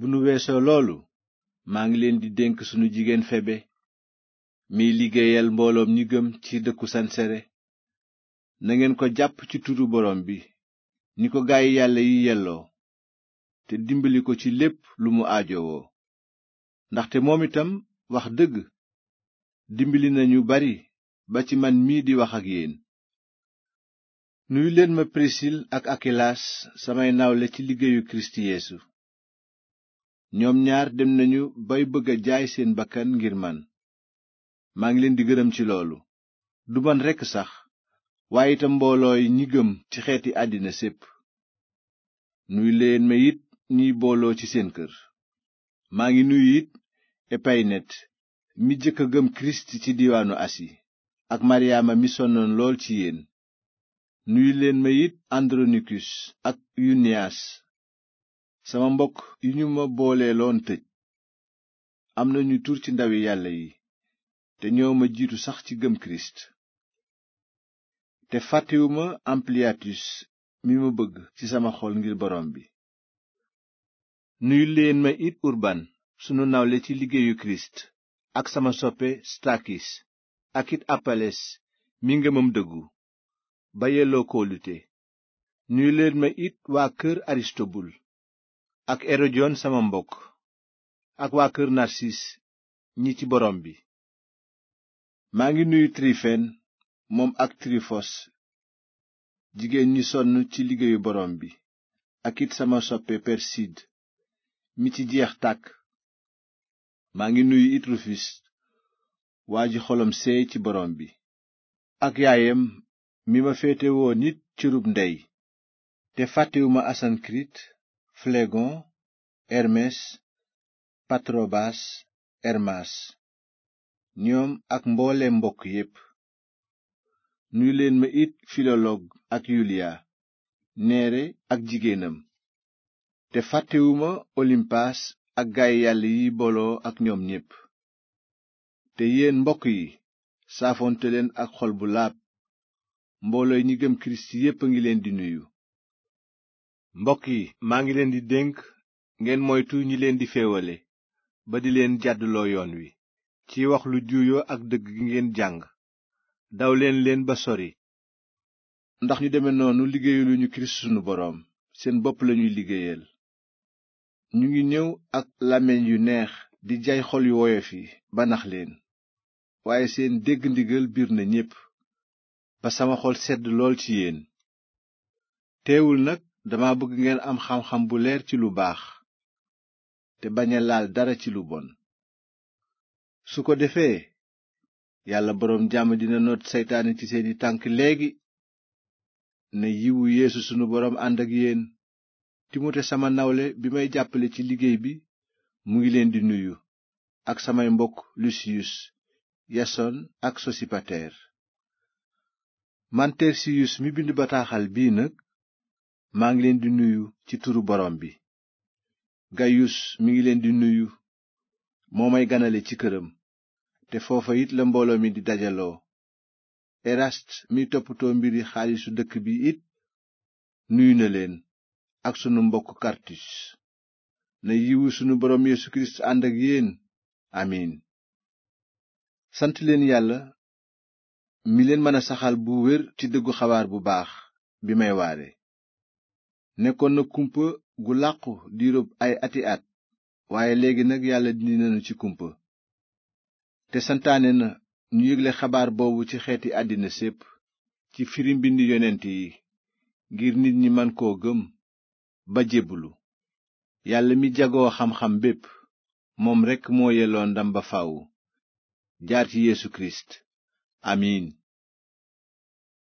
bu nu weesoo loolu maa ngi leen di dénk sunu jigéen febe miy liggéeyal mbooloom ñi gëm ci dëkku sansere nangeen ko jàpp ci turu boroom bi ni ko gaay yàlla yi yelloo te dimbali ko ci lépp lu mu aajowoo ndaxte moom itam wax dëgg dimbali na ñu bari ba ci man mii di wax ak yéen nuyu leen ma prisil ak akilaas samay nawle ci liggéeyu kirist yéesu ñoom ñaar dem nañu bay bëgg a jaay seen bakkan ngir man maa ngi leen di gërëm ci loolu du man rekk sax waaye itam mboolooy ñi gëm ci xeeti àddina sépp nuy ma it ñiy booloo ci seen kër maa ngi nuyu it epaynet mi jëkk a gëm kirist ci diwaanu asi ak maryaama mi sonnoon lool ci yéen nuyu leen ma it andronikus ak yuniyaas sama mbokk yi ñu ma booleeloon tëj am nañu tur ci ndawi yàlla yi te ñoo ma jiitu sax ci gëm kirist te fàttewuma ampliatus mi ma bëgg ci sama xol ngir borom bi nuyu leen ma it urban sunu nawle ci liggéeyu kirist ak sama soppe stakis ak it apales mi ngëmam dëggu ba yelloo kóolute nuyu ma it waa kër aristobul ak erodiyon sama mbokk ak waa kër narsis ñi ci boroom bi maa ngi nuyu tirifen moom ak trifos jigéen ñi sonn ci liggéeyu borom bi ak it sama soppe persid mi ci jeex tàkk maa ngi nuyu it rufis waa ji xolom seey ci borom bi ak yaayam mi ma féete woon it cërub ndey te fàttewuma asankirit phlégon hermes patrobas hermas ñoom ak mbooleem mbokk yépp nuyu leen ma it filolog ak yuliya neere ak jigéenam te fàttewuma olimpas ak gaay yàlla yi booloo ak ñoom ñépp te yéen mbokk yi saafonte leen ak xol bu laab mboolooy ñi gëm kirist yépp a ngi leen di nuyu mbokk yi maa ngi leen di dénk ngeen moytu ñi leen di féewale ba di leen jàdduloo yoon wi ci wax lu juuyoo ak dëgg gi ngeen jàng dawleen leen ba sori ndax ñu deme noonu liggéeyaluñu kirist sunu boroom seen bopp lañuy liggéeyal ñu ngi ñëw ak làmmiñ yu neex di jaay xol yu woyof yi banax leen waaye seen dégg ndigal biir na ñépp ba sama xol sedd lool ci yéen nag dama bëgg ngeen am xam-xam bu leer ci lu baax te baña laal dara ci lu bon su ko defee yàlla boroom jàmm dina noot seytaane ci seeni tànk léegi ne yiwu yéesu sunu boroom ànd ak yéen timote sama nawle bi may jàppale ci liggéey bi mu ngi leen di nuyu ak samay mbokk lusiyus yason ak sosipater man tersiyus mi bind bataaxal bii nag maa ngi leen di nuyu ci turu boroom bi gayus mi ngi leen di nuyu moo may ganale ci këram te foofa it la mbooloo mi di dajaloo erast mi toppatoo mbiri xaalisu dëkk bi it nuyu na leen ak sunu mbokk kartus na yiwu sunu boroom yeesu kirist ànd ak yéen amiin sant yàlla mi leen mën a saxal bu wér ci dëggu xabaar bu baax bi may waare nekkoon na kumpa gu làqu diiroob ay ati at waaye léegi nag yàlla dindi nanu ci kumpa te santaane na ñu yégle xabaar boobu ci xeeti àddina sépp ci firim mbind yonent yi ngir nit ñi man koo gëm ba jébbulu yàlla mi jagoo xam-xam bépp moom rekk moo yelloo ndam ba faw jaar ci yeesu kirist amiin